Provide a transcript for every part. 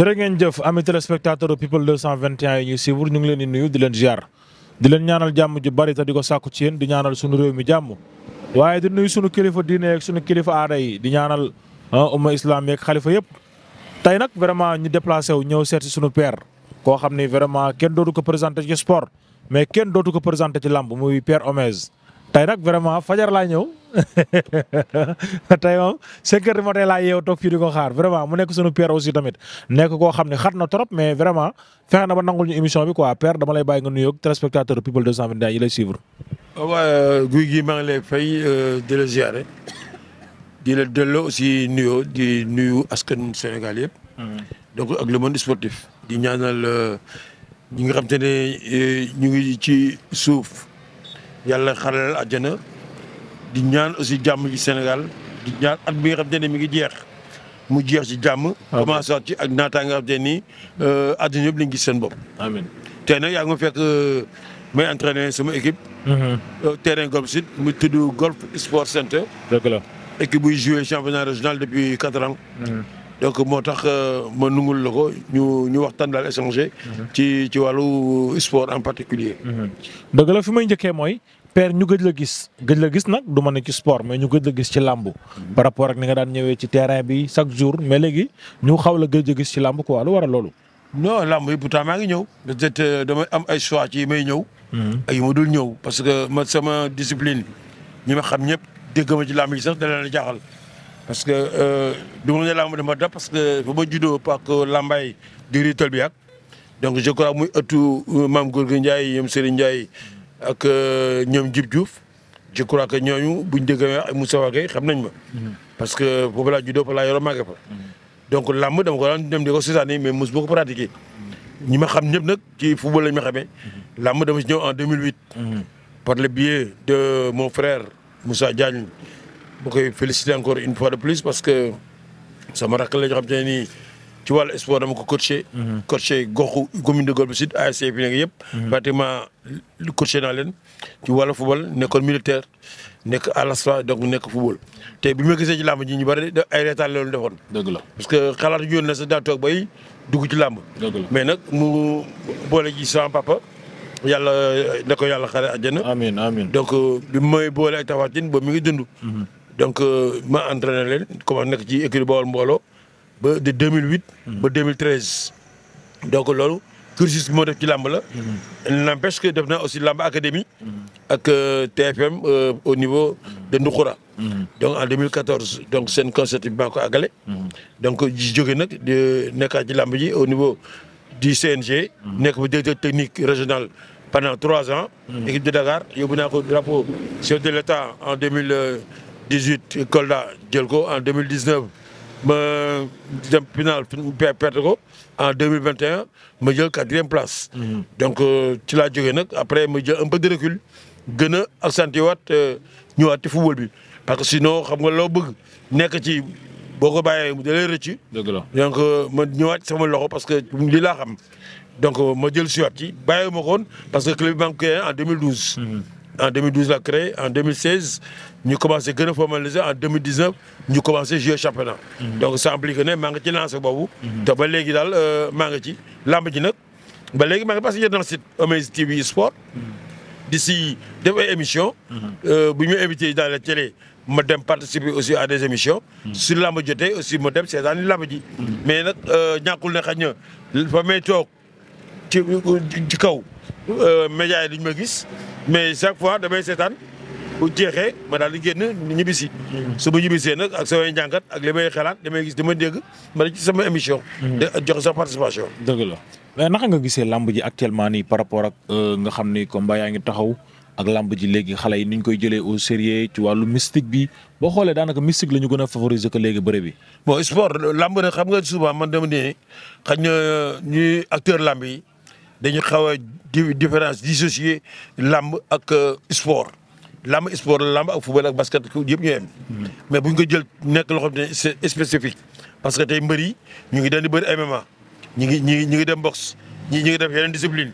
jërë ngeen jëf ami téléspectateur people 221 yi ñuy suivre ñu ngi leen di nuyu di leen ziar di leen ñaanal jàmm ju bari te ko sàkku ci yéen di ñaanal suñu réew mi jàmm waaye di nuyu suñu kilifa diine ak suñu kilifa aada yi di ñaanal ah, umma islam yeeg xalifa yëpp tey nag vraiment ñu déplacé wu ñëw seet si suñu koo xam ni vraiment kenn dootu ko présenté ci sport mais kenn dootu ko présenté ci làmb muy Père Omez tey nag vraiment fajar laa ñëw tey moom cinq heures du matin laa yeew toog fii ko xaar vraiment mu nekk sunu père aussi tamit nekk koo xam ne xat na trop mais vraiment fexe na ba nangul émission bi quoi père dama lay bàyyi nga nuyoog téléspectateur people 221 yi lay suivre. Ah euh, guy gi maa ngi lay fay euh, di la ziare di la delloo aussi nuyoo di nuyu askan Sénégal yëpp. Hmm. donc ak le monde sportif. di ñaanal euh, ñi nga xam te ne ñu ngi ci suuf. yàlla xaralal àjjana di ñaan aussi jàmm ci Sénégal di ñaan at bi nga xam te ne mi ngi jeex mu jeex ci jàmm. commencé waat ci ak naataango nga xam te ni euh, àdduna yëpp lañ gis seen bopp. amiin tey nag yaa ngi ma fekk euh, may entraîner sama équipe. Mm-hmm. Euh, terrain golf sud mu tudd golf sport center. dëgg la équipe buy joué championnat régional depuis quatre ans. Mm-hmm. donc moo tax euh, ma nungul la ko ñu ñu waxtaan daal échanger. Mhm. ci ci wàllu sport en particulier mhm. dëgg la fi may njëkkee mooy père ñu gëj la gis gëj la gis nag du ma ne ci sport mais ñu gëj la gis ci làmb mhm. par rapport ak ni nga daan ñëwee ci terrain bi chaque jour mais léegi ñu xaw la gëj a gis ci làmb quoi lu war a loolu. non làmb yi bu pourtant maa ngi ñëw. peut-être euh, damay am ay choix ci may ñëw. ay yu ma dul ñëw parce que ma sama discipline ñu ma xam ñëpp dégg ma ci làmb yi sax dana la jaaxal. parce que du euh, ma ne làmb dama dab parce que fa ma juddoo parc Lambaye di riital bi ak donc je crois muy ëttu euh, maam Gorgui Ndiaye ñoom Serigne Ndiaye ak euh, ñoom Djib Diouf je crois que ñooñu bu déggee ak Moussa Wagué xam nañ ma. parce que foofu laa juddoo fa laa yoroo màggee fa. donc làmb dama ko daan dem di ko seetaani mais mos boo ko ñi ma xam ñëpp nag ci football lañ ma xamee. làmb dama si ñëw en 2008. Mm-hmm. par le biais de mon frère Moussa Diagne. bu koy féliciter encore une fois de plus parce que sama rakk la ñu xam te ne nii ci wàllu sport dama ko coaché. Mhm. coaché goxu commune de Golf Sud ASC fi nekk yëpp. Mhm. pratiquement coaché naa leen ci wàllu football nekkoon militaire nekk à l'ASFA donc nekk football te bi ma gisee ci làmb ji ñu bari ay reetaan loolu defoon. dëgg la parce que xalaatu yoon na sax daa bay dugg ci làmb. mais nag mu boole ji sama papa. yàlla da ko yàlla xare àjjana. amiin amiin donc euh, bi may boole ay tawatin ba mi ngi dund. Mhm. donc euh, ma entraîné leen comment nekk ci écurie Bawol mbooloo ba de 2008. ba 2013. donc loolu cursus bi moo def ci làmb la. Mm-hmm. n'empêche que def na aussi làmb académie. ak euh, TFM euh, au niveau de Ndoukoura. Mm-hmm. donc en 2014 donc seen concert bi maa ko àggale. Mm-hmm. donc ji jóge nag di nekkaat ji au niveau du CNG. nekk fa directeur technique régional. pendant trois ans. équipe de Dakar yóbbu naa ko drapeau chef de l'État en 2018 Kolda jël ko en 2019 ma dem final perte ko en 2021 ma jël quatrième place. Mhm. donc euh, ci laa jógee nag après ma jël un peu de recul gën a accentuer waat euh, ñëwaat ci bi parce que sinon xam nga loo bëgg nekk ci. boo ko bàyyee mu dalee rëcc. dëgg la donc euh, ma ñëwaat sama loxo parce que lii laa xam donc ma jël siwaat ci bàyyi ma ko parce que club bi maa ngi créé en 2012. Mhm. en 2012 laa en ñu commencé gën a formaliser en 2019 ñu commencé jouer championnat. donc ça implique ne maa ci lancé boobu. te ba léegi daal euh, maa ngi ci làmb ji nag ba léegi maa ngi parce que yéen a site Omez TV sport. di si def ay émissions. Euh, bu ñu invité daal la télé ma dem participer aussi à des émissions. su làmb jote aussi ma dem seetaan làmb ji. mais nag euh, ñàkkul ne xëy na fa may toog ci ci kaw média yi ñu ma gis mais chaque fois damay seetaan. bu jeexee ma daal di génn ñibbisi su ma ñibbisee nag ak samay njàngat ak li may xalaat li gis li may dégg ma ci sama émission. Mhm. de jox sa participation. dëgg la mais naka nga gisee làmb ji actuellement nii par rapport ak euh, nga xam ni combat yaa ngi taxaw. ak lamb ji léegi xale yi ni ñu koy jëlee au sérieux ci wàllu mystique bi boo xoolee daanaka mystique la ñu gën a ko léegi bëre bi. bon sport lamb nag xam nga souvent man dama ne xaj na euh, ñuy acteur làmb yi dañu xaw a différence dissocier làmb ak euh, sport. lamb sport lamb ak football ak basket yëpp ñoo yem. mais buñ ko jël nekk loo xam ne c'est spécifique. parce que tey mbër yi ñu ngi daan di bëri MMA ñu ngi ñu ngi ñu ngi dem boxe ñi ñu ngi def yeneen discipline.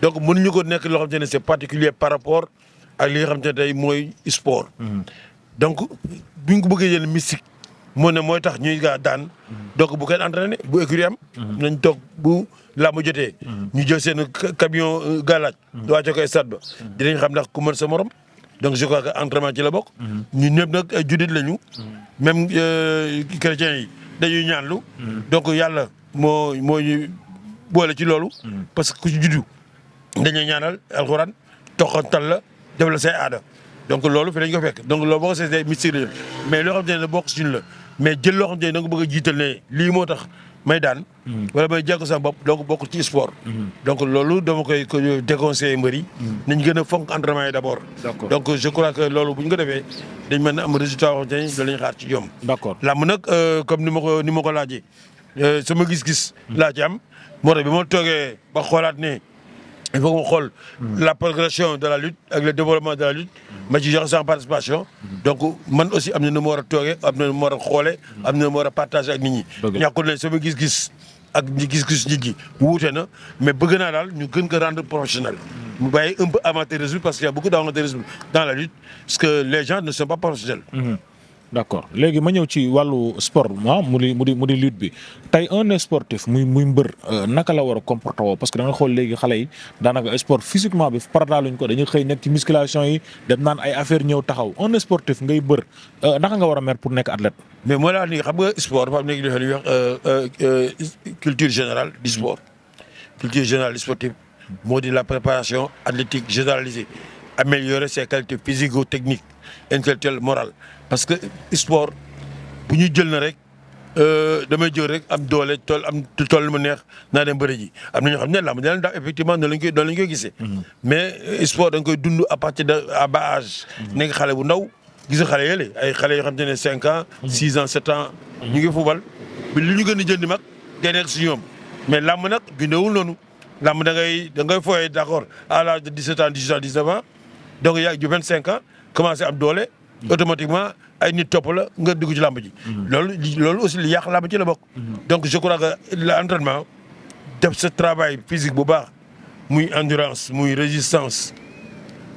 donc mënuñu ko nekk loo xam ne c'est particulier par rapport ak li nga xam ne tey mooy sport. donc buñ ko bëggee jël mystique. moo ne mooy tax ñuy gaa daan. donc bu kenn entraîné bu écurie am. nañ toog bu làmb jotee. ñu jël seen camion euh, galaaj. waa jokkoo stade ba. dinañ xam ndax ku mën sa morom. donc je crois que entraînement ci la bokk. ñu ñëpp nag ay juddit lañu. même euh, chrétiens yi dañuy lu donc yàlla moo moo boole ci loolu. parce que ku ci juddu dañuy ñaanal alxuraan toqantal la def la say aada donc loolu fi lañ ko fekk donc loolu boo ko seetee mystique la mais loo xamante ne bokk si ñun la mais jël loo xamante ne da nga jiital ne lii moo tax. may daan. wala may jekku sama bopp donc bokk ci sport. donc loolu dama koy déconseiller mbër yi. nañ gën a fonk entraînement yi d' donc je crois que loolu bu ko defee dañ mën a am résultat wax dëgg yàlla ñu xaar ci ñoom. d' accord làmb nag euh, comme ni ma ko ni ma ko laajee euh, sama gis-gis. laa ci am moo tax bi ma toogee ba xoolaat ne. il faut que mu xool la progression de la lutte ak le développement de la lutte ma ci joxe sans participation donc man aussi am na nu ma war a tooge am na nu ma a xoole am na nu ma war a partager ak nit ñi ñàkkul ne gis-gis ak ñi gis-gis nit ñi wuute na mais bëgg naa daal ñu gën ko rendre professionnel mu bàyyi un peu amateurisme parce qu'il y a beaucoup d'amateurisme dans la lutte parce que les gens ne sont pas professionnels mm-hmm. d'accord léegi ma ñëw ci wàllu sport ah mu di mu di mu bi tey un sportif muy muy mbër euh, naka la war a comporter woo parce que danga xool léegi xale yi daanaka sport physiquement bi parataaluñ ko dañuy xëy nekk ci musculation yi dem naan ay affaire ñëw taxaw un sportif ngay bër euh, naka nga war a mer pour nekk athlète. mais moo laa ni xam nga sport dafa am léegi euh, culture générale di sport culture générale du sportif moo di la préparation athlétique généralisée améliorer ses qualités physico-techniques intellectuelles parce que sport bu ñu jël na rek euh, damay jël rek am doole tool am tool mu neex naa dem bëri am na ñoo xam ne làmb dina leen daaw effectivement noonu lañ koy noonu lañ koy gisee. Mhm. mais sport da nga koy dund à partir de à bas âge. Mhm. nekk xale bu ndaw gis nga xale yële ay xale yoo xam te ne cinq ans. Mhm. six ans sept an ñu ngi fubal bi li ñu gën a jënd mag day nekk si ñoom mais làmb nag bindewul noonu làmb da ngay da ngay fooyee d' accord à l' âge de dix sept ans dix huit ans dix neuf ans donc yaa ju vingt cinq ans commencé am ay nit topp la nga dugg ci làmb ji. Mhm. loolu loolu aussi li yàq làmb ci la bokk. Mhm. donc je crois que l'entraînement def sa travail physique bu baax muy endurance muy résistance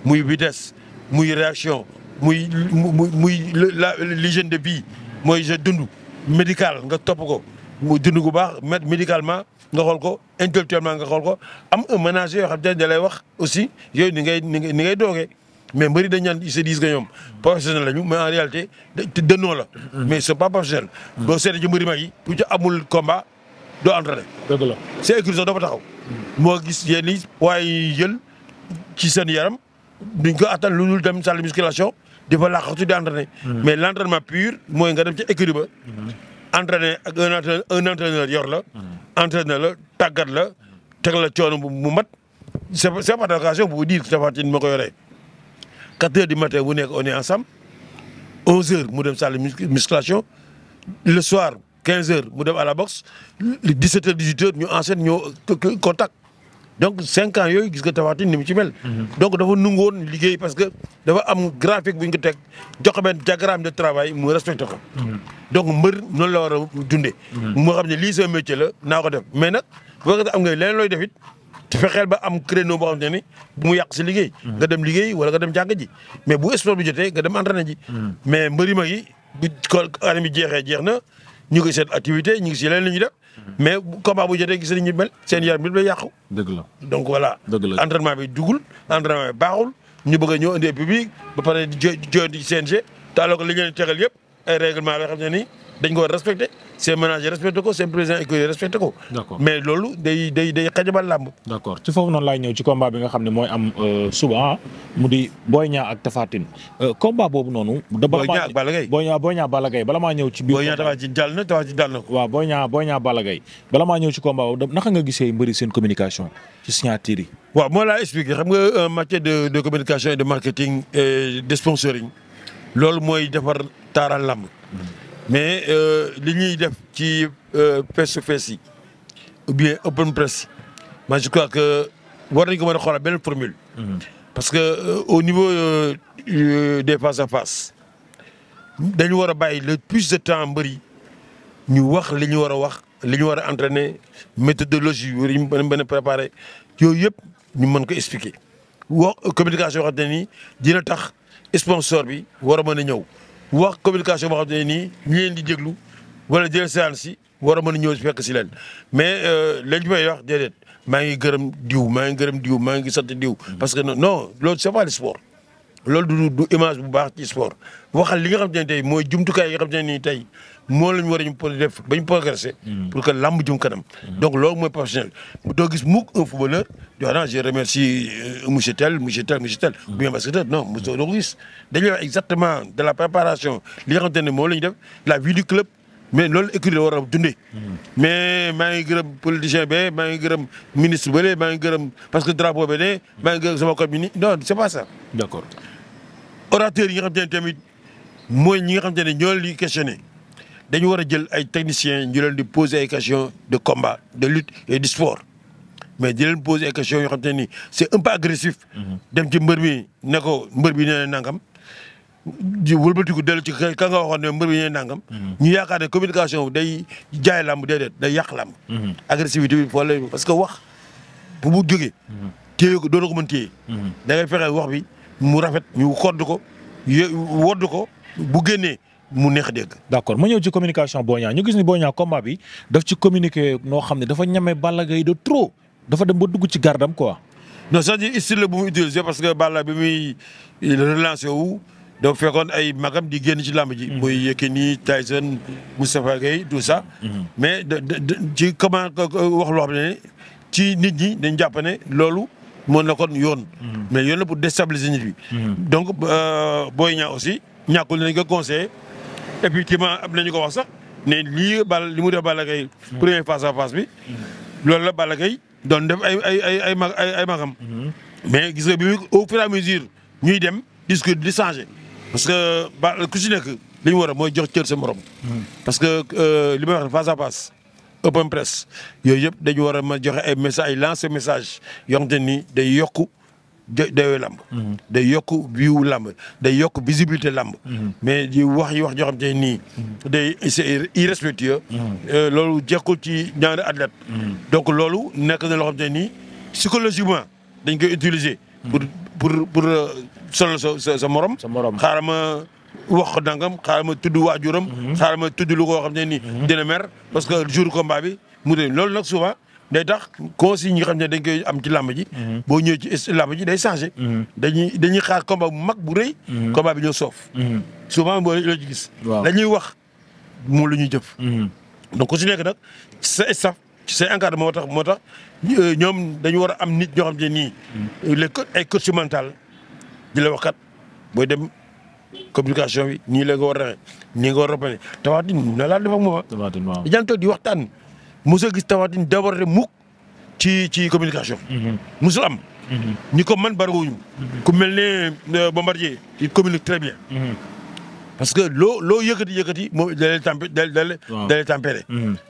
muy vitesse muy réaction muy muy muy la l'hygiène de vie mooy je dund médical nga topp ko mu dund bu baax médicalement. nga xool ko intellectuellement nga xool ko am un ménager yoo xam te ne lay wax aussi yooyu ni ngay ni ngay doogee mais mbëri dañ naan ils se disent que ñoom professionnel lañu mais en réalité te dënnoo la. Mm-hmm. mais c'est pas professionnel. doo mm-hmm. seetlu ci mbëri mag yi ku amul komba doo entraîné. dëgg la c'est écrit sax taxaw. Mm-hmm. moo gis yenn yi waaye jël ci seen yaram duñ ko attan lu dul dem salle musculation di fa laqatu di entraîné. mais l'entraînement pur mooy nga dem ci écrit ba. entraîné ak un yor la. entraîneur la tàggat la teg la coono bu mu mat c'est c'est pas d'occasion pour dire que Tapha Tine ma ko yoree. 4 heures du matin bu nekk on est ensemble 11 heures mu dem salle musculation le soir 15 heures mu dem à la boxe 17 heures 18 heures ñu enchaîne ñoo contact donc 5 ans yooyu gis nga Tapha Tine ni mu ci mel. Mm-hmm. donc dafa nangu woon liggéey parce que dafa am graphique bu ñu ko teg jox ko benn diagramme de travail mu respecté ko. Mm-hmm. donc mbër noonu la war a dundee. Mm-hmm. moo xam ne lii sa métier la naa ko def mais nag boo ko am nga leneen looy def it te fexeel ba am créneau boo xam ne bu mu yàq si liggéey. nga dem liggéey wala nga dem jàng ji mais bu sport bi jote nga dem entraîné ji. mais mbëri ma yi bu année bi jeexee jeex na ñu ngi seen activité ñu ngi si li ñuy def. mais combat bu jotee gis nañ ñu mel seen yaram bi day yàqu. dëgg la donc voilà. dëgg la entraînement bi dugul entraînement bi baaxul ñu bëgg a ñëw indi public ba pare di jo joxe di CNG te alors que li ñu leen tegal yëpp ay règlement la xam ne dañ ko war respecté seen manager respecté ko seen président écurie respecté ko. d'accord mais loolu day day day xajabal làmb. d'accord ci foofu noonu laay ñëw ci combat bi nga xam ne mooy am euh, suba ah, mu di Boy Niang ak Tapha Tine euh, combat boobu noonu. Boy ñaar ak Balla Gaye Boy Niang Boy Niang Balla Gaye bala maa ñëw ci biir. Boy Niang Tapha na Tapha Tine jàll na ko. waaw Boy Niang Boy Niang boobu naka nga gisee mbëri seen communication ci signature yi. waaw moo laa expliqué xam nga euh, en matière de de communication et de marketing de sponsoring loolu mooy defar taaral làmb. Mm-hmm. mais euh, li ñuy def ci euh, face to yi ou bien open press man je crois que war nañu ko mën a xoolal benn formule. Mhm. parce que euh, au niveau des face à face dañu war a bàyyi le plus de temps mbëri ñu wax li ñu war a wax li ñu war a entraîner méthodologie yi ñu mën a préparer yooyu yëpp ñu mën ko expliquer. wax communication waxante ni dina tax sponsor bi war a mën a ñëw. wax communication boo xam ne nii ñu leen di déglu wala jël séance si war a mën a ñëw si fekk si leen mais euh, lañ may wax déedéet maa ngi gërëm diw maa ngi gërëm diw maa ngi sant diw. parce que non loolu c'est pas le sport. loolu du du image bu baax ci sport waxal li nga xam te ne tey mooy jumtukaay yi nga xam te ne nii tey moo la ñu war a ñu def ba ñu progressé. Mm. pour que làmb jëm kanam. Mm. donc loolu mooy professionnel doo gis mukk un footballeur di wax je remercie euh, monsieur tel monsieur tel monsieur tel. Mm. ou bien basketteur non monsieur doo ko gis dañuy wax exactement de la préparation li nga xam te ne moom la ñu def la vie du club. mais loolu écurie la war a dundee. mais maa ngi gërëm politicien bi maa ngi gërëm ministre bële maa ngi gërëm parce que drapeau bi de maa ngi gërëm sama commune non c'est pas ça. d'accord. orateur yi nga xam te ne mooy ñi nga xam te ne ñoo leen di dañu war a jël ay techniciens ñu leen di poser ay questions de combat de lutte et sport mais di leen poser ay questions yoo xam te ni c'est un peu agressif. dem ci mbër bi ne ko mbër bi nee na nangam. di wëlbatiku dellu ci ka nga waxoon ne mbër bi nee ñu yaakaar ne communication day jaay làmb déedéet day yàq làmb. agressivité bi foofu la parce que wax bu bu jógee. téye ko doon ko mën mu rafet ñu kodd ko yë wodd ko bu génnee mu neex dégg. d'accord ma ñëw ci communication Boy Niang ñu gis ni Boy Niang combat bi daf ci communiquer noo xam ne dafa ñeme Balla Gaye de trop dafa dem ba dugg ci gardam quoi. non c'est-à-dire style la bu mu utilisé parce que Balla bi muy relancé wu dafa fekkoon ay magam di génn ci làmb ji. Mhm. muy Yékini Tyson Moustapha Guèye tout ça. Mhm. mais ci comment wax loo xam ne ci nit ñi dañ jàpp ne loolu. moo nekkoon yoon. Mhm. mais yoon la pour déstabiliser nit bi. Mhm. donc euh, booy Niang aussi ñàkkul nañ ko conseil et puis effectivement am nañu ko wax sax ne lii bal li mu de Balla Gaye mhm. premier face à face bi. loolu la Balla Gaye doon def ay ay ay ay mag ay magam. mais gis nga bi au fur et à mesure ñuy dem discours di changé. parce que ba ku si nekk li ñu war a mooy jox cër sa morom. parce que euh, li may wax face a face. open press yooyu yëpp dañu war a ma joxe ay message ay lancer message yoo te ni day yokku dayoo làmb mhm. day yokk viwu làmb day yokk visibilité làmb mhm. mais di wax yi wax joo xam te nii mhm. day c'est irrespectueux euh, loolu jekkul ci ñaari athlète donc loolu nekk na loo xam te nii psychologiquement dañ koy utiliser pour pour pour euh, solo sa sa sa morom xaaral wax nangam xaaral ma tudd waajuram. Mhm. xaaral ma tudd lu xam ne nii. Mhm. dina mer parce que jour combat bi mu de loolu nag souvent day tax consignes yi nga xam ne dañ koy am ci làmb ji. Mhm. boo ñëwee ci làmb ji day changé. dañuy dañuy xaar combat mu mag bu rey combat bi ñoo soof. souvent boo loo ci gis. dañuy wax moom la ñuy jëf. donc ku si nekk nag sa staff sa moo tax moo tax euh, ñoom dañu war am nit ñoo xam ne nii. les ay coach mental la waxkat booy dem. communication bi nii la ko war a raxe nii nga war a bañ Tapha Tine na laa def ak moom ah. Tapha Tine waaw dañu toog di waxtaan mosoo gis Tapha Tine débordé mukk ci ci communication. Mhm. mosul am. ñi mhm. ko man bari wuñu mhm. ku mel ne euh, Bombardier il communique très bien. parce que loo loo yëkkati dalee tempé dalee. dalee tempéré.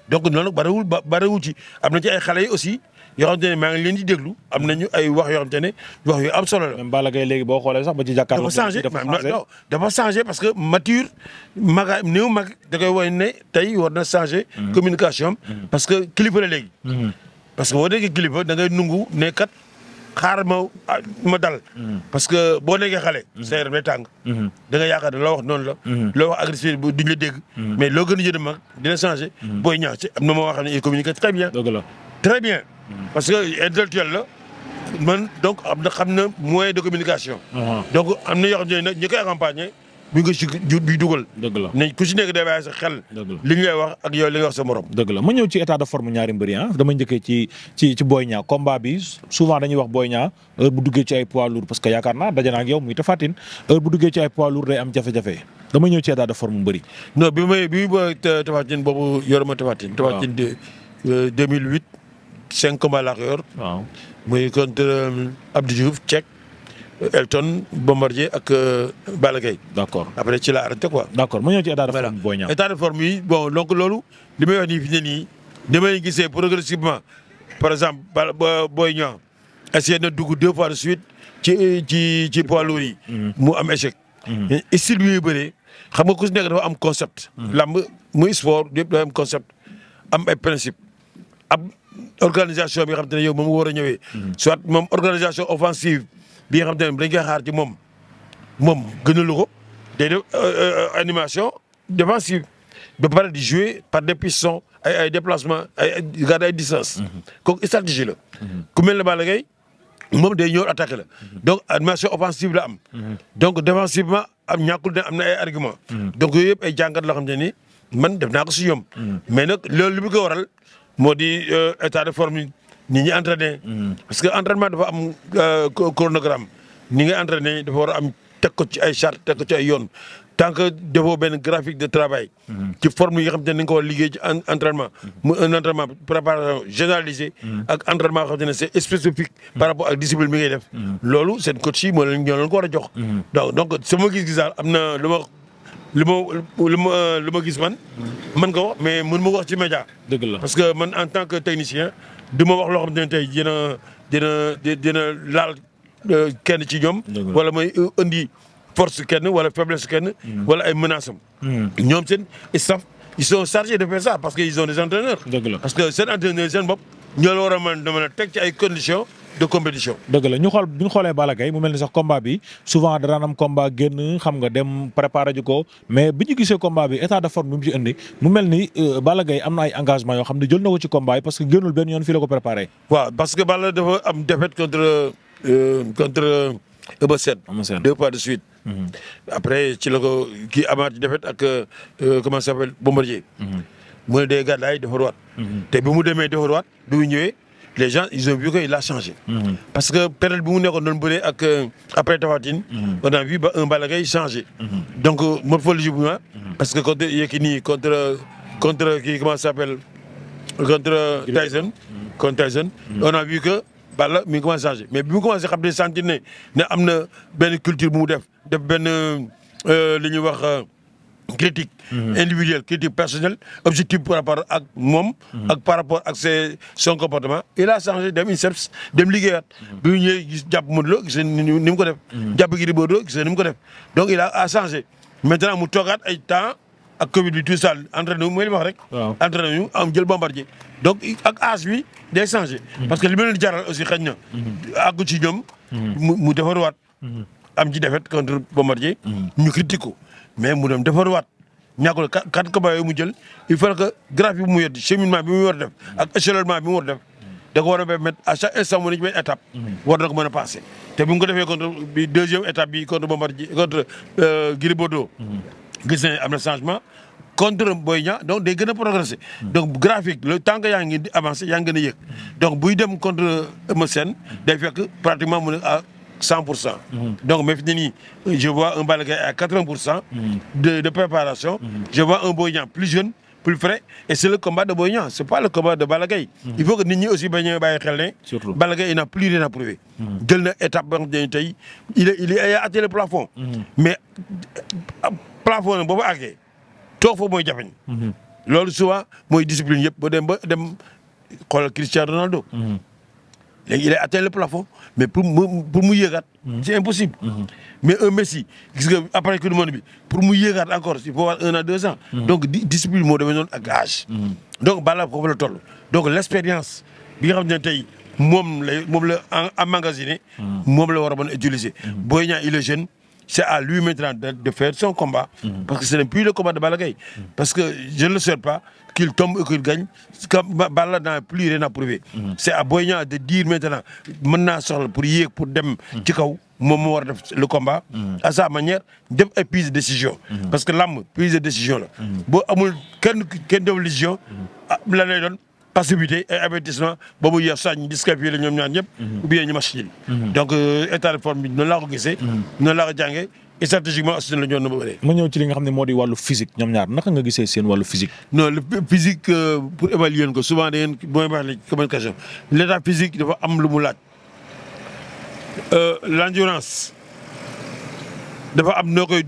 donc noonu bariwul ci am na ci ay xale yi aussi. yoo xam te maa ngi leen di déglu am nañu ay wax yoo xam te ne wax yu am solo la. léegi boo xoolee sax ba ci jàkkaarloo. dafa changé non dafa changé parce que mature maga néew mag da koy woy ne tey war na changé. Mhm. communication mhm. parce que kilifa la léegi. Mhm. parce que boo déggee kilifa da ngay nungu ne kat xaar ma ma dal. parce que boo nekkee xale. sa yaram day tàng. da nga yaakaar ne loo wax noonu la. loo wax agressif bi duñ mais loo gën a jënd mag dina changé. booy ñaax ci am na moo wax ne il communique très la bien. Mm. parce que intellectuel la man donc am na xam na moyen de communication. Uh-huh. donc am na yoo xam ne nag ñi koy accompagner. bi nga si bi dugal. dëgg la ne ku si nekk sa xel. li ñu wax ak yow li nga wax sa morom. ma ñëw ci état de forme ñaari mbër yi ah. dama njëkkee ci ci ci Boy Niang combat bi souvent dañuy wax Boy Niang heure bu duggee ci ay poids lourd parce que yaakaar naa daje na ak yow muy tafatin heure bu duggee ci ay poids lourd am jafe-jafe dama ñëw ci état de forme mbëri. non bi may bi ma tafatin boobu cinq combats laa ko yor. waaw muy contre euh, Abdou Diouf euh, Elton Bombardier ak euh, Balla Gaye. après ci la arrêté quoi. d' accord ma ñëw ci état de forme yi bon donc loolu li may wax nii ne nii damay gisee progressivement par exemple Boy Niang essayé na dugg deux fois de suite ci ci ci poids lourd yi. Mhm. mu am échec. Mhm. style bi muy bëree xam nekk dafa am concept. Mhm. lamb muy sport yëpp dafa am concept am principe organisation bi xam te ne yow moom war a mhm. soit moom organisation offensive bi nga xam te ne dañ koy xaar ci moom moom gënalu ko day def euh, euh, euh, animation défensive ba pare di jouer par des pistons ay ay déplacement ay garder ay distance. Mhm. kooku stratégie la. Mhm. ku mel ne Balla Gaye moom day ñëw attaqué la donc animation offensive la am. donc défensivement am ñàkkul ne am na ay argument donc yooyu yëpp ay jàngat loo xam ne ni man def naa ko si ñoom. mais nag loolu li moo di euh, état de forme yi ni ñuy mm-hmm. parce que entraînement dafa am euh, chronogramme ni nga entraîné dafa war a am teg ko ci ay charte teg ay yoon tant que defoo benn graphique de travail. Mm-hmm. ci forme yi nga xam te ne ni nga ko war a liggéey ci mm-hmm. entraînement. préparation généralisée. ak entraînement yoo xam te ne c'est par rapport ak discipline bi ngay def. loolu seen coach yi moo leen ñoo leen ko war a jox. donc donc sama gis-gis daal am lu ma lu ma lu ma gis man man nga wax mais mën ma wax ci média dëgg la parce que man en tant que technicien di ma wax loo xam ne tey dina dina dina laal euh, kenn ci ñoom wala mooy euh, indi force kenn wala faiblesse kenn hmm. wala ay menaces am hmm. ñoom seen staff ils sont chargés de faire ça parce que ils ont des entraîneurs parce que seen entraîneur seen bopp ñoo la war a ci ay conditions de compétition. dëgg la ñu xoolee Balla Gaye mu mel ni sax combat bi souvent da daan am combat génn xam nga dem préparer ji ko mais bi ñu gisee combat bi état de forme bi mu ci indi mu mel ni euh, Balla Gaye am na ay engagement yoo xam ne jël na ko ci combat yi parce que génnul benn yoon fii la ko préparé. waaw parce que Balla dafa am défaite contre euh, contre Eumeu Sène. deux de suite. Mhm. après ci la ko kii amaat défaite ak euh, comment ça Bombardier. Mhm. mu ne day gàddaay dafa dafa ruwaat les gens ils ont vu que il a changé. Mhm. parce que période bi mu nekkoon doon bëree euh, après Tapha mhm. on a vu ba un Balla Gaye changé. Mhm. donc euh, morphologiquement. parce que contre Yékini contre contre kii comment ça contre Tyson. contre Tyson. on a vu que Balla mi ngi commencé changé mais bi mu commencé xam ne ne am na benn culture bu mu def def benn euh, li ñuy wax. critique individuelle critique personnel objectif par rapport ak moom ak par rapport ak ses son comportement il a changé dem INSEPS dem liggéeyaat bi ñu ñëwee gis jàpp Modou Lo gis ni mu ko def jàpp Gris Bordeaux gis ni mu ko def donc il a changé maintenant mu toogaat ay temps ak Covid bi sal ça entraîné wu mooy li ma wax rek entraîné wu am jël bombardier donc ak âge bi day changé parce que li ma leen jaral aussi xëy na àggu ci ñoom mu defarwaat mm-hmm. am ci défaite contre bombardier mm-hmm. ñu ko mais mu dem defarwaat ñàkkul kat kat combat yooyu mu jël il faut que graphe bi mu yor cheminement bi mu war a def ak échelonnement bi mu war a def a mettre à chaque mu ne ci benn étape. Mm-hmm. war na ko a passé te bi mu ko defee contre bi deuxième étape bi contre Bombardier contre euh, Gris Bordeaux. Mm-hmm. gis nañ am a changement. contre Boy Niang donc day gën a progresser. Mm-hmm. donc graphique le temps que yaa ngi di avancer yaa ngi gën a yëg. donc buy dem contre Eumeu Sène day 100 pour cent. donc mais fi nii je vois un Balla Gaye à 80 pour cent. de préparation. je vois un Boy Niang plus jeune plus frais et c'est le combat de Boy Niang c'est pas le combat de Balla il faut que nit aussi bañ a bàyyi xel ne. surtout Balla plus rien à prouver. jël na il est il est mais plafond nag boo fa àggee toog foofu mooy jafeñ. Mhm. loolu souvent mooy discipline yëpp ba dem ba dem Ronaldo. léegi il a atteint le plafond mais pour mu pour mu yéegaat. Mhm. c' est impossible. Mhm. mais un Messi gis nga après coupe du monde bi pour mu yéegaat encore il faut avoir un an deux ans. Mhm. donc di discipline moo demee noonu ak âge. donc Balla foofu la toll. donc l' expérience bi nga xam na tey moom la moom la emmagasiné. moom la war a mën a utiliser. Boy Niang il est jeune. c'est à lui maintenant de, de faire son combat. Mm -hmm. Parce que ce n'est plus le combat de Balla Gaye. Mm -hmm. Parce que je ne le qu'il tombe qu'il gagne. Comme Balla plus rien à mhm. C'est à Boy de dire maintenant mën naa soxla pour yéeg pour dem. Mhm. ci kaw moom moo war a def le combat. Mhm. à sa manière dem ay prise de décision. parce que lam prise de décision la. boo amul kenn kenn dem décision. Ah, la lay passivité et avertissement boobu yor sañ disqualifié la ñoom ñaar ñëpp. Mhm. ou bien ñu machine mhm. donc euh, état de forme bi noonu laa ko gisee. Mhm. noonu laa ko jàngee et stratégiquement aussi la ñu doon ma ñëw ci li nga xam ne moo di wàllu physique ñoom ñaar naka nga gisee seen wàllu physique. non le physique euh, pour évaluer ko souvent da ngeen mooy wax physique dafa am lu mu laaj. Euh, l' dafa am noo koy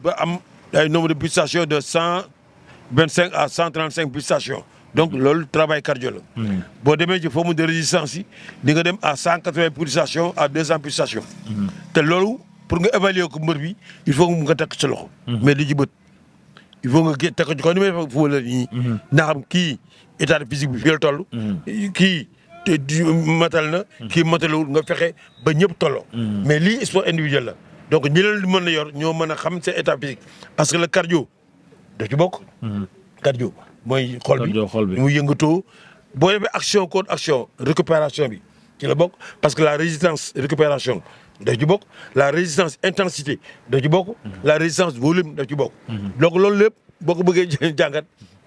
ba am ay nombre de pulsations de cent vingt cinq à cent trente cinq donc loolu travail cardio la. Hmm. boo demee ci forme de résistance yi di nga dem à cent quatre vingt pulsations à deux cent pulsations. Hmm. te loolu pour nga évaluer ko mbër bi il faut nga takk sa loxo. Hmm. mais li ci bët il faut nga gé ko ni may fa fóolal ñii. na xam kii état de physique bi fii la toll. kii di matal na. kii matalawul nga fexe ba ñëpp tollo mais lii sport individuel la. donc ñi leen mën a yor ñoo mën a xam seen état physique parce que le cardio da ci bokk. cardio. mooy xol bi ni muy too boo defee action contre action récupération bi ci la bokk parce que la résistance récupération daf ci bokk la résistance intensité daf ci bokk mhm. la résistance volume daf ci bokk mhm. donc loolu lépp boo ko bëggee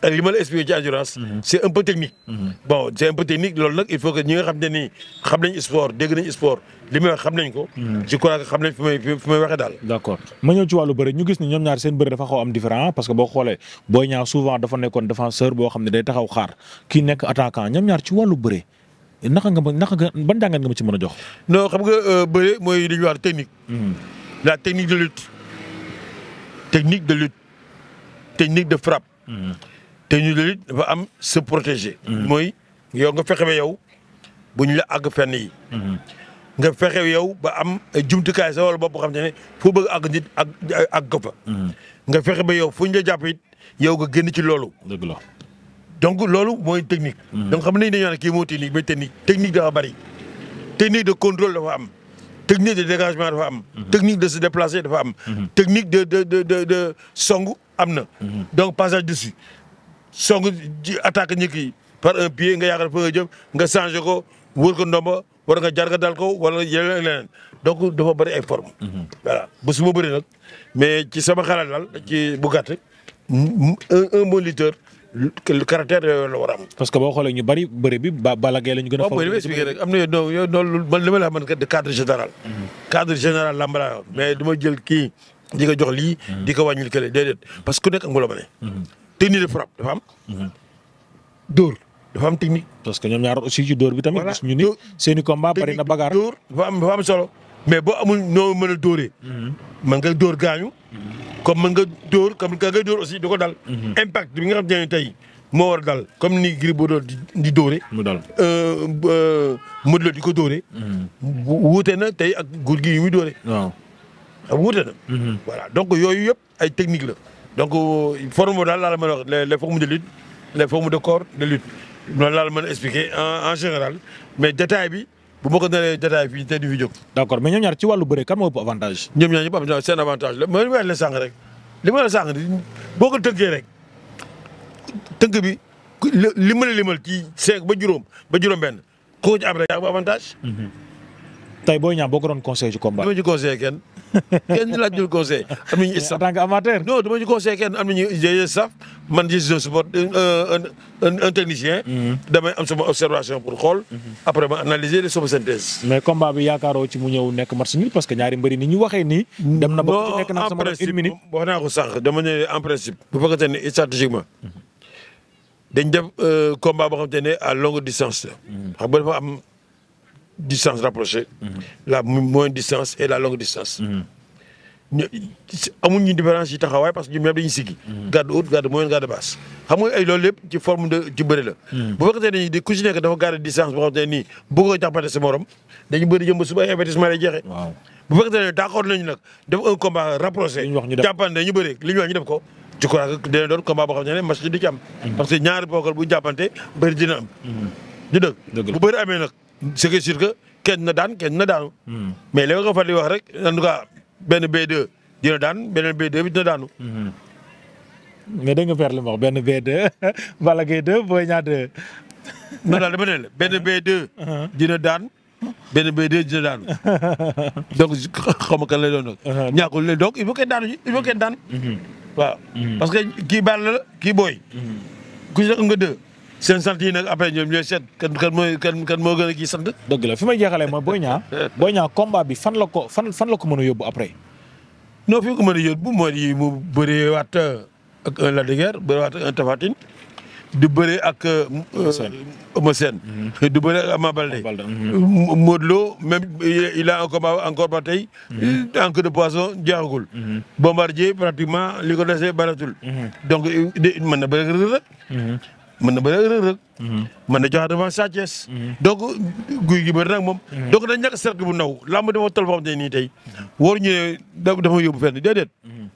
li ma la expliqué ci assurance. Mhm. c' est un peu technique. Mhm. bon c' est technique loolu nag il faut que ñi nga xam ne nii xam nañ sport dégg nañ sport li xam nañ ko. Mhm. je crois xam nañ fi may fi may waxee daal. d' accord ma ñëw ci wàllu bëri ñu gis ni ñoom ñaar seen bëri dafa xaw am différent parce que boo xoolee Boy Niang souvent dafa nekkoon défenseur boo xam ne day taxaw xaar kii nekk attaquant ñoom ñaar ci wàllu bëri naka nga ma naka nga ban jàngat nga ma ci mën a jox. non xam nga euh, bëri mooy li ñuy wax technique. la technique de lutte. technique de de frappe. te ñu loolu dafa am se protéger. Mhm. mooy yow nga fexe ba yow bu ñu la àgg fenn yi. Mhm. nga fexe yow ba am jumtukaay sa wala bopp xam ne foo bëgg àgg nit ak àgg ko fa. Mhm. nga fexe ba yow foo ñu la jàpp it yow nga génn ci loolu. dëgg la donc loolu mooy technique. donc xam nañ dañoo ne kii moo technique ba technique technique dafa bari technique de contrôle dafa am. technique de dégagement dafa am. technique de se déplacer dafa am. technique de de de de am na. donc passage dessus song ji attaque ñëkk yi par un pied nga yaakaar fa nga jëm nga changé ko wër ko ndomba war nga jar nga dal ko wala yeneen leneen donc dafa bëri ay forme mhm. voilà ba su ma bëri nag mais ci sama xalaat daal ci bu gàtt un bon lutteur caractère euh, la war parce que boo xoolee ñu bari bëri bi ba Balla Gaye la ñu gën a. foofu la expliqué rek am na yooyu noonu man li ma général. Mhm. cadre général lamba laa mais du jël ki di ko jox lii. Mhm. di ko wàññil kële déedéet parce que ku nekk ma ne. technique de frappe dafa am. Mm-hmm. door dafa am technique. parce que ñoom ñaar aussi ci dóor bi tamit. gis ñu ni seen i combat bari na bagaar. dóor dafa am solo mais boo amul noo mën a dóoree. Mm-hmm. mën nga dóor gaañu. Mm-hmm. comme mën nga dóor comme ka ngay dóor aussi di ko dal. impact bi nga xam ne tey moo war a dal comme ni Gris Bordeaux di dóore. mu dal euh, euh, Modou Lo di ko dóore. wuute na tey ak góor gi yu muy dóore. waaw na. voilà donc yooyu yëpp ay technique la. donc euh, forme boobu daal laa la mën a wax les formes de lutte les formes de corps de en général mais détail bi bu ma ko naree détail fii te di fi jóg. d' accord mais ñoom ñaar ci wàllu bëre kan moo ëpp avantage. ñoom ñaar ñëpp am seen avantage la mais li ma la sànq rek li ma la sànq boo ko tënkee rek tënk bi limal limal ci cinq ba juróom ba juróom-benn koo ci am rek. avantage. Mm-hmm. tey boo ñaan boo ko doon conseillé ci combat. li ma ci kenn. kenn laajul conseil am nañu staff. en tant qu'amateur. non dama ñu conseil kenn am nañu yéen staff man je suis euh, un support un technicien. Mhm. damay am sama observation pour xool. Mhm. après ma analyser sama synthèse. mais combat bi yaakaaroo ci mu ñëw nekk match nul parce que ñaari mbëri ni ñu waxee nii. dem na ba nekk na sama une minute wax naa ko sànq en principe. bu fekkente ne stratégiquement. Mhm. dañ def euh, combat boo xamante ne à longue distance xam nga dafa am. distance rapprochée. Mm-hmm. la moyenne distance et la longue distance. Mm-hmm. ñu amuñu différence taxawaay parce que ñun ñëpp dañuy siggi. Mm-hmm. garde haute garde moyenne garde basse. xam ay loolu lépp ci forme de ci la. bu fekkee ne nii ku si dafa garde distance boo xam te ne nii bëggoo jàppante sa dañu bëri jëm ñu def ko. je crois doon combat boo xam ne match di ci am. parce que ñaari bokkal bu ñu jàppante dina am. ñu dëgg bu bëri amee nag. c'est sûr que kenn na daan kenn na daanu. Hmm. mais li ma ko fa di wax rek en tout benn B2 dina daan beneen B2 hmm. benn B2 Balla Gaye 2 Boy Niang benn b uh-huh. dina daan benn b dina daanu donc xaw ma kan lay doon uh-huh. donc il faut daan. Hmm. parce que kii Balla la kii Boy. ku ci nekk nga seen sant yi nag après ñoom ñooy seet kan kan mooy kan moo gën a kii sant. dëgg la fi may jeexalee mooy Boy Niang eh. Boy Niang combat bi fan la ko fan fan la mën a yóbbu après. non fi nga ko mën a yóbbu mooy mu bëree waat euh, ak un Lac bëree waat ak un du bëree ak. Euh, euh, Eumeu Sène mhm. du bëree ak Ama Baldé. Mhm. Modou Lo même il a un encore ba tey. Mhm. en queue de poisson jeexagul. Bombardier pratiquement li ko dese baratul. donc mën na bëri rek. mën na ba rëg rëg mën na joxe devant Sa Thiès mhm. donc guy gi bëri nag moom mhm. donc na ñàkk cercle bu ndaw làmb dafa tol foo nii ne nii tey waru ñu ne dafa yóbbu fenn déedéet mhm.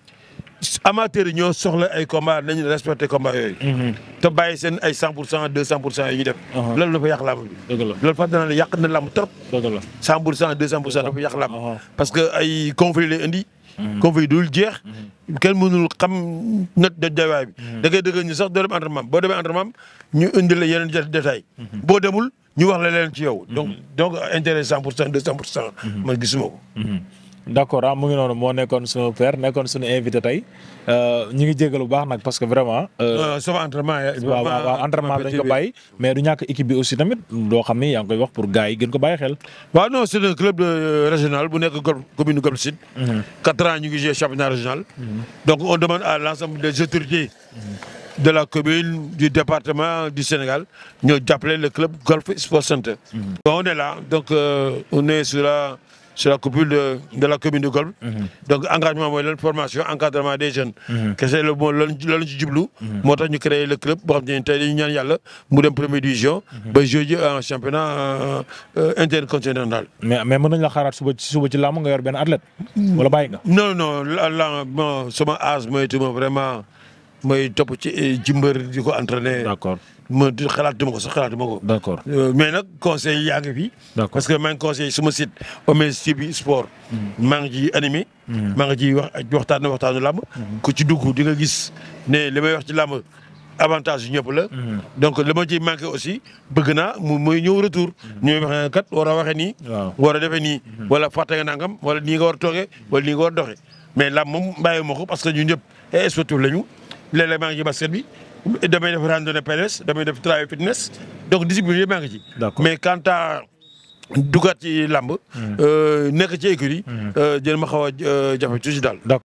amateurs yi ñoo soxla ay combat nañu respecté combat yooyu te bàyyi seen ay cent pour cent deux cent pour cent yi ñuy def uh-huh. loolu dafa yàq làmb bi loolu fàtte naa na làmb trop cent uh-huh. parce que ay conflit lay indi conflit dul jeex kenn mënul xam net de dawaay bi. Hmm. da ngay dëgg ñu sax doo dem entraînement boo demee entraînement ñu indi la yeneen détail hmm. boo demul ñu wax la ci yow. Hmm. donc donc intérêt cent pour cent deux cent pour cent. ma gisuma ko. d' accord ah, mu ngi noonu moo nekkoon suñu père nekkoon suñu invité tey euh, baax nag parce que vraiment. Euh, sama entraînement waaw waaw entraînement bi dañ ko bàyyi. mais du ñàkk équipe bi aussi tamit doo xam koy wax pour gars yi ko bàyyi xel. waaw non c' est un régional bu nekk commune Golf Sud. Mhm. quatre ans ñu ngi joué championnat régional. Mhm. donc on demande à l' ensemble des autorités. de la commune du département du Sénégal ñoo jàppale le club Golf Sport Center. Mhm. on est là donc euh, sur la coupole de de la commune de Golf. Mhm. donc engagement mooy lan formation encadrement des jeunes. kese la bon loolu loolu moo tax ñu créé le club boo xam ne tey ñaan yàlla mu dem première division. Mhm. ba joué en championnat euh, euh, intercontinental. mais mais mën nañu la xaaraat suba suba ci làmb nga yor benn athlète. Mm. wala bàyyi nga. non non la bon sama âge ma vraiment. mooy topp ci eh, jimbar di ko entraîner. d'accord ma di xalaatuma ko sax xalaatuma ko. d'accord euh, mais nag conseil yaa ngi fi. d'accord parce que maa ngi conseil suma site Omez TV sport. Mm-hmm. maa ngi ciy animé. Mm-hmm. maa ngi ciy waxtaanu làmb. Mm-hmm. ku ci dugg di nga gis ne li wax ci làmb. avantage ñëpp la. donc li ma ciy manqué aussi bëgg naa mu muy ñëw retour. ñooy wax kat war a waxee nii. waaw war a defee nii. wala fàtte nga nangam wala nii nga war a toogee wala nii nga war a mais làmb moom bàyyi ma parce que ñun ñëpp ay eh, sportif lañu. léeg maa ngi ci basket bi damay def randonnée pédestre damay def travail fitness donc discipline yëpp maa ngi ci. mais quant à dugaat ci làmb. Hmm. Euh, nekk ci écurie. Hmm. Euh, jël ma xaw a euh, jafe tuuti dal